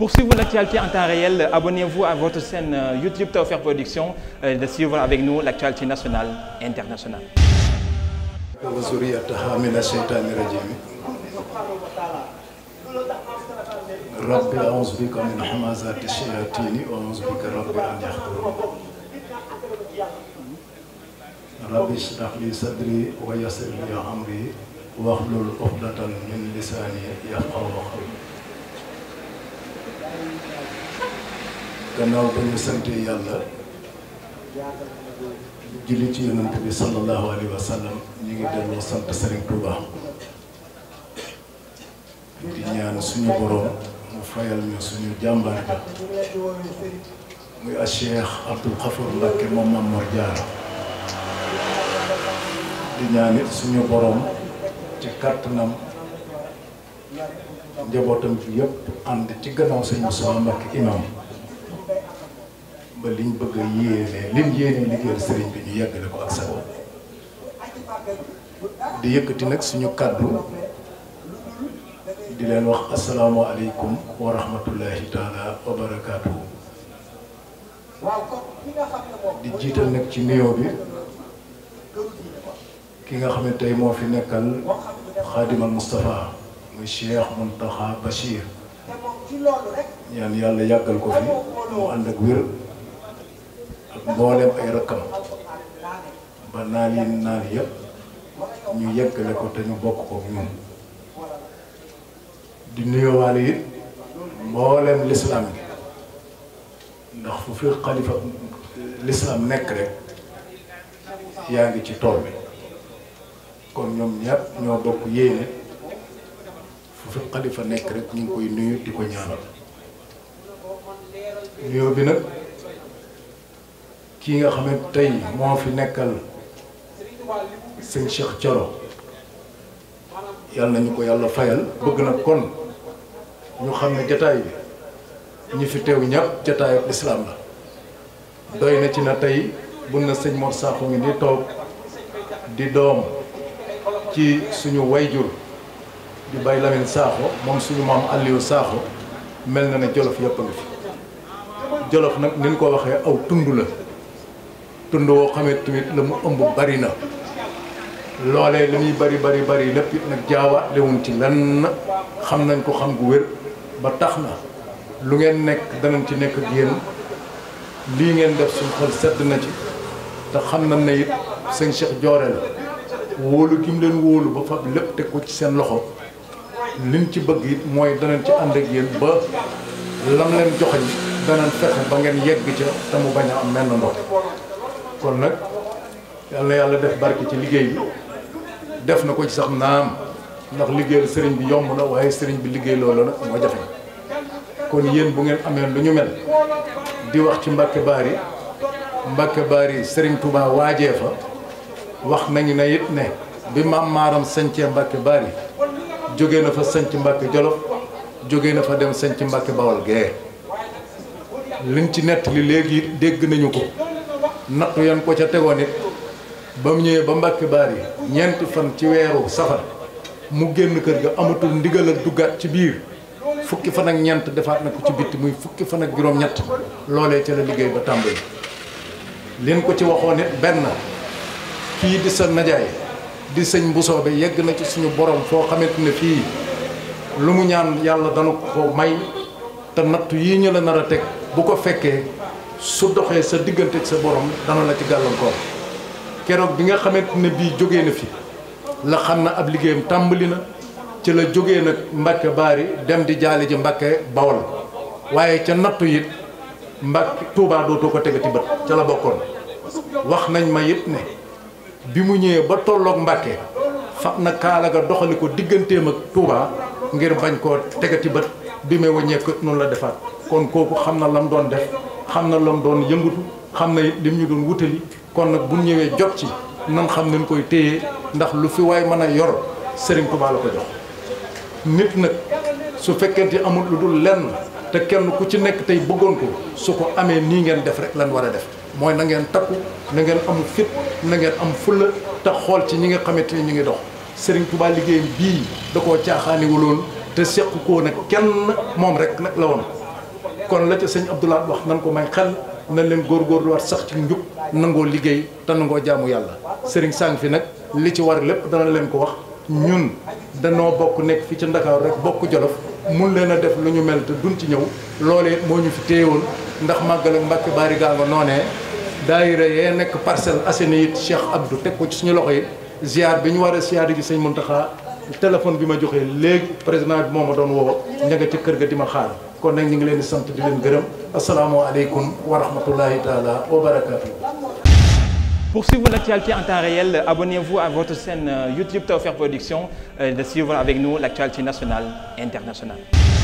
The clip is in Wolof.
Pour suivre l'actualité en temps réel, abonnez-vous à votre chaîne euh, YouTube Tawfekh Production euh, et de suivre avec nous l'actualité nationale et internationale. rabbi a'uuzu bika min hamazaati shayaatiin wa a'uuzu bika rabbi an yahduruun rabbi ishrah li sadri wa yassir li amri wahlul uqdatan min lisaani yafqahu qawli gannaaw ba ñu sante yàlla julli ci yonent bi sallallahu alayhi wa sallam ñu ngi delloo sant Serigne Touba di ñaan suñu borom mu fayal ñu suñu jàmbaar ja muy a Cheikh Abdoul Khafour Mbacké moom Mame Mor Diarra di ñaan suñu borom ci kàttanam njabootam fi yëpp ànd ci gannaaw sëñ Moussa Mbacke imam ba liñ bëgg a yéene liñ yéene liggéeyal sëriñ bi ñu yàggale ko ak sago di yëkkati nag suñu kàddu di leen wax asalaamaaleykum wa rahmatullahi taala wa di jiital nag ci nuyoo bi ki nga xam ne tey moo fi nekkal xaadimal Moustapha muy Cheikh Mountakha Bachir. ñaan yàlla yàggal ko fi mu ànd ak wér ak mboolem ay rakkam ba naal yi naal yëpp ñu yeggale ko te ñu bokk ko ñun. di nuyoowaale it mboolem lislaam bi ndax fu fi xalifa lislaam nekk rek yaa ngi ci tool bi kon ñoom ñëpp ñoo bokk yéene. fu xalifa nekk rek ñu ngi koy nuyu di ko ñaanal nuyoo bi nag kii nga xam ne tey moo fi nekkal sëñ Cheikh Thioro yàlla nañu ko yàlla fayal bëgg na kon ñu xam ne jataay bi ñi fi teew ñàpp jataayab lislaam la doy na ci na tey bun na sëñ Mor Sakho ngi di toog di doom ci suñu wayjur di Baye Lamine Sakho moom suñu maam Aliou Sakho mel na ne jolof yëpp ngi jolof nag ni ñu ko waxee aw tund la tund woo xamee tamit la mu ëmb bari na loolee li muy bari bari bari lépp it nag jaawaatlewuñ ci lan xam nañ ko xam gu wér ba tax na lu ngeen nekk danañ ci nekk ak lii ngeen def suñu xel sedd na ci te xam na ne it sëñ Cheikh Joore la wóolu gi mu leen wóolu ba fab lépp teg ko ci seen loxo liñ ci bëgg it mooy danañ ci ànd ak yéen ba lam leen joxoñ danañ fexe ba ngeen yegg ca te bañ a am menn ndox kon nag yal na yàlla def barke ci liggéey bi def na ko ci sax naam ndax liggéeyal sëriñ bi yomb na waaye sëriñ bi liggéey loolu nag moo jafe kon yéen bu ngeen amee lu ñu mel di wax ci Mbàkke Baari Mbàkke Baari sëriñ Touba waajee fa wax nañu ne it ne bi maam maaram sañcee Mbàkke Baari jóge na fa sanc Mbàkke Jolof jóge na fa dem sanc Mbàkke Bawol gee liñ ci nettali léegi dégg nañu ko nattu yan ko ca tegoon it ba mu ñëwee ba Mbàkke Baar yi ñeenti fan ci weeru safar mu génn kër ga amatul ndigal ak duggaat ci biir fukki fan ak ñent defaat na ko ci bitti muy fukki fan ak juróom-ñett loolee ca la liggéey ba tàmbali leen ko ci waxoon it benn kii di sa najaay di sëñ bi yegg na ci suñu borom foo xamante ne fii lu mu ñaan yàlla dana ko may te nattu yi ñu la nar a teg bu ko fekkee su doxee sa diggante ak sa borom dana la ci gàllankoor keroog bi nga xamante ne bii jógee na fi la xam na ab liggéeyam tàmbali na ci la jógee nag Mbàkke Baari dem di jaale ji Mbàkke Bawol waaye ca nattu it Mbàkke Tuubaa dootoo ko tegati bët ca la bokkoon wax nañ ma it ne bi mu ñëwee ba tollook Mbàkke fab na kaala ga doxali ko digganteem ak Touba ngir bañ koo tegati bët bi may wàññeeku noonu la defaat kon kooku xam na lam doon def xam na lam doon yëngatu xam na lim ñu doon wutali kon nag bu ñëwee jot ci nan xam nañ koy téye ndax lu fi waay mën a yor sëriñ Touba la ko jox. nit nag su fekkente amul lu dul lenn te kenn ku ci nekk tey bëggoon ko su ko amee nii ngeen def rek lan war a def. mooy na ngeen takku na ngeen am fit na ngeen am fulla te xool ci ñi nga xamante ni ñu ngi dox Serigne Touba liggéeyam bii da koo caaxaaniwuloon te seq koo nag kenn moom rek nag la woon kon la ca sëñ Abdoulaye wax nan ko may xel na leen góor góorgóorluwaat sax ci njub nangoo liggéey te nangoo jaamu yàlla Serigne Sang fi nag li ci war lépp dana leen ko wax ñun danoo bokk nekk fi ci Ndakaaru rek bokk Jolof mun leen a def lu ñu mel te duñ ci ñëw loolee moo ñu fi téye woon ndax màggal ak Mbàkke Baari gaa nga noonee daayira yee nekk Parcelles Assainies it Cheikh Abdou teg ko ci suñu loxo yi ziar bi ñu war a ziar ji sëñ Muntaxa téléphone bi ma joxee léegi président bi moo ma doon woo ña ca kër ga di ma xaar kon nag ñu ngi leen di sant di leen gërëm asalaamaaleykum wa rahmatullahi taala wa barakaatu. Pour suivre l'actualité en temps réel, abonnez-vous à votre chaîne euh, YouTube Tawfekh Production euh, et de suivre avec nous l'actualité nationale et